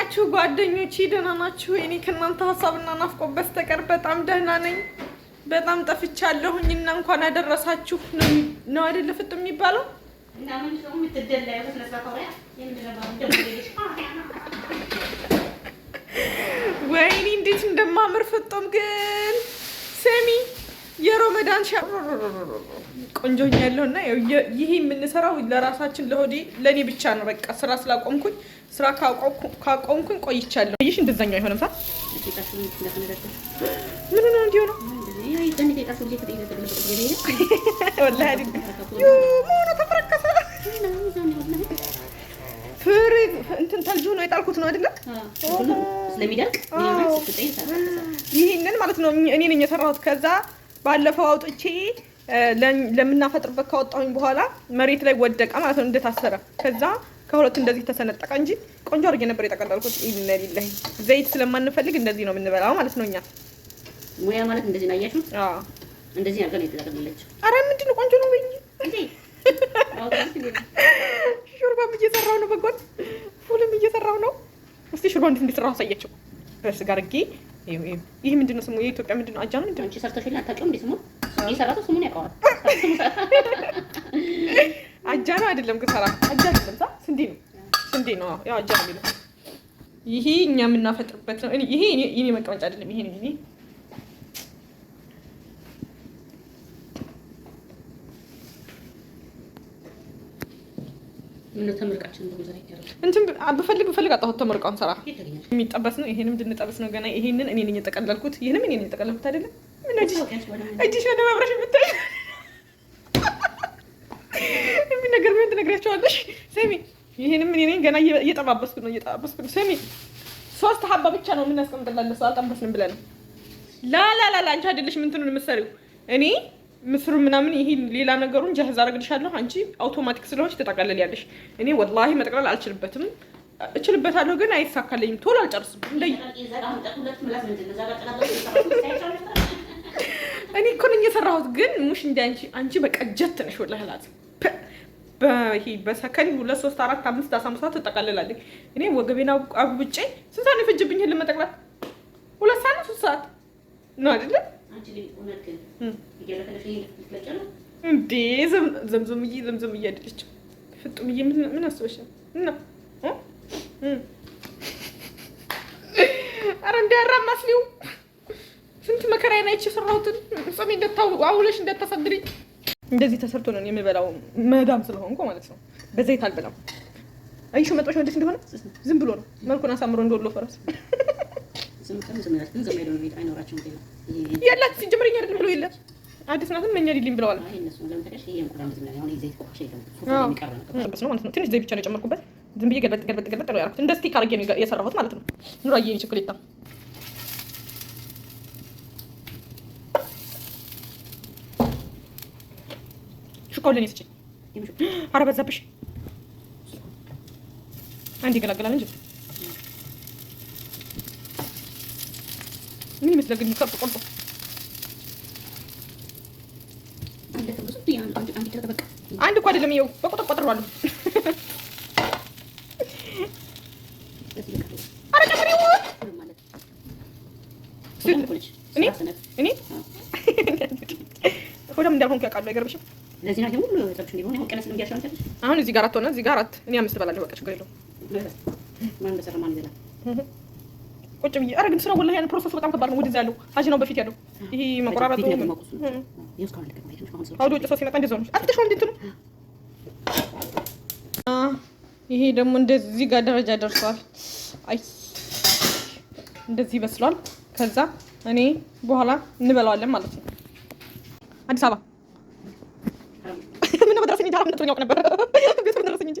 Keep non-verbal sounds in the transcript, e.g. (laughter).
ናችሁ ጓደኞቼ? ደህና ናችሁ? እኔ ከእናንተ ሀሳብና ናፍቆ በስተቀር በጣም ደህና ነኝ። በጣም ጠፍቻለሁኝ እና እንኳን አደረሳችሁ ነው አይደለ? ፍጥ የሚባለው ወይኔ እንዴት እንደማምር ፍጡም ግን ስሚ የሮመዳን ሻ ቆንጆኛ ያለውና ይህ የምንሰራው ለራሳችን ለሆዴ ለእኔ ብቻ ነው። በቃ ስራ ስላቆምኩኝ ስራ ካቆምኩኝ ቆይቻለሁ። ይሽ እንደዛኛው አይሆንም። ሳ ምን ነው እንዲሁ ነው ተፈረከሰ። ፍሪ እንትን ተልጆ ነው የጣልኩት ነው አይደለ? ስለሚደርቅ ይህንን ማለት ነው እኔ ነኝ የሰራሁት ከዛ ባለፈው አውጥቼ ለምናፈጥርበት ካወጣሁኝ በኋላ መሬት ላይ ወደቀ ማለት ነው፣ እንደታሰረ ከዛ ከሁለት እንደዚህ ተሰነጠቀ እንጂ ቆንጆ አድርጌ ነበር የጠቀለልኩት። ኢነሊላሂ ዘይት ስለማንፈልግ እንደዚህ ነው የምንበላው ማለት ነው። እኛ ሙያ ማለት እንደዚህ ነው። አያችሁ? እንደዚህ አድርገን የተጠቀለለችው። አረ ምንድን ነው ቆንጆ ነው ወይ እንዴ? (laughs) ሹርባም እየሰራው ነው፣ በጎን ፉልም እየሰራው ነው። እስቲ ሹርባ እንዴት እንደሰራው አሳያቸው። በስጋ አድርጌ ይህ ምንድን ነው ስሙ? የኢትዮጵያ ምንድን ነው? አጃ ነው ምንድን ነው? ሰርተሽልኝ አታውቂውም? እንዴ ስሙን የሰራተው ስሙን ያውቀዋል። አጃ ነው አይደለም፣ ግን አጃ አይደለም፣ ሳ ስንዴ ነው፣ ስንዴ ነው። ያው አጃ ነው የሚለው ይሄ እኛ የምናፈጥርበት ነው። ይሄ የኔ መቀመጫ አይደለም። ይሄ ነው እንትን ብፈልግ ብፈልግ አጣሁት። ተመርቃውን ሰራ የሚጠበስ ነው። ይሄንም እንድንጠበስ ነው ገና። ይሄንን እኔ ነኝ የጠቀለልኩት። ይሄንም እኔ ነኝ የጠቀለልኩት። አይደለም እጅሽ ወደ መብረሽ ብታይ የሚነገር ቢሆን ትነግሪያቸዋለሽ። ሰሚ ይሄንም እኔ ነኝ ገና እየጠባበስኩ ነው እየጠባበስኩ ነው። ሰሚ ሶስት ሀባ ብቻ ነው የምናስቀምጥላለ ሰው አልጠበስንም ብለን ላላላላ አንቺ አይደለሽ ምንትኑን የምትሰሪው እኔ ምስሩ ምናምን ይሄ ሌላ ነገሩን ጃህዝ አረግልሻለሁ። አንቺ አውቶማቲክ ስለሆንሽ ተጠቃለል እኔ ወላሂ መጠቅለል አልችልበትም። እችልበታለሁ ግን አይሳካለኝም። ቶሎ አልጨርስም። እኔ እኮ ነኝ የሰራሁት። ግን ሙሽ እንደ አንቺ አንቺ በቀጀት ነሽ። ወላሂ ላት በሰከንድ ሁለት ሶስት አራት አምስት አስራ አምስት እኔ ወገቤና አጉብጬ ስንት ሰዓት ነው የፈጀብኝ ልመጠቅላት? ሁለት ሰዓት ነው ሶስት ሰዓት ነው አይደለም እንዴ ዘምዘምዬ ዘምዘምዬ አይደለችም። ፍጡምዬ ምን አስበሻል? እና አረ እንዲ ያራማስሊው ስንት መከራ አይቼ የሰራሁትን ጽሜ አውለሽ እንዳታሳድሪኝ። እንደዚህ ተሰርቶ ነው የምበላው መዳም ስለሆንኩ ማለት ነው። በዘይት አልበላም። አይሹ መጥበሻ ወደት እንደሆነ ዝም ብሎ ነው መልኩን አሳምሮ እንደወሎ ፈረስ የላት ሲጀመር እኛ ብለው የለም አዲስ ናትም እኛ ሊልኝ ብለዋል። ትንሽ ዘይት ብቻ ነው የጨመርኩበት። ዝም ብዬ ገልበጥ ገልበጥ ገልበጥ ነው ያደረኩት። እንደ ስቲክ አድርጌ ነው የሰራሁት ማለት ነው። ኑራዬ ቸኮሌታ ሽኮልን ስጭኝ። ኧረ በዛብሽ አንድ ይገላገላል እንጂ ምን ይመስላል ግን ቆርጦ ቆርጦ አንድ እኮ አይደለም። ይኸው በቁጥር ቆጥረዋለሁ። (laughs) (laughs) ሆዳም እንዳልሆንኩ ያውቃሉ። አይገርምሽም? አሁን እዚህ ጋር አራት ሆነ፣ እዚህ ጋር አራት። እኔ አምስት እበላለሁ። በቃ ችግር የለውም። ቁጭ ብዬ አረ ግን ስለ ወላሂ ያን ፕሮሰሱ በጣም ከባድ ነው። ወደዛ ያለው አጂ ነው በፊት ያለው ይሄ መቆራረጡ አውዶ ጭሶ ሲመጣ እንደዛ ነው። አትሽው እንትኑ ይሄ ደግሞ እንደዚህ ጋር ደረጃ ደርሷል። አይ እንደዚህ ይበስሏል። ከዛ እኔ በኋላ እንበላዋለን ማለት ነው። አዲስ አበባ ምን ነው መድረሰኝ ታራ ነበር (laughs) ቤቱ መድረሰኝ እንጂ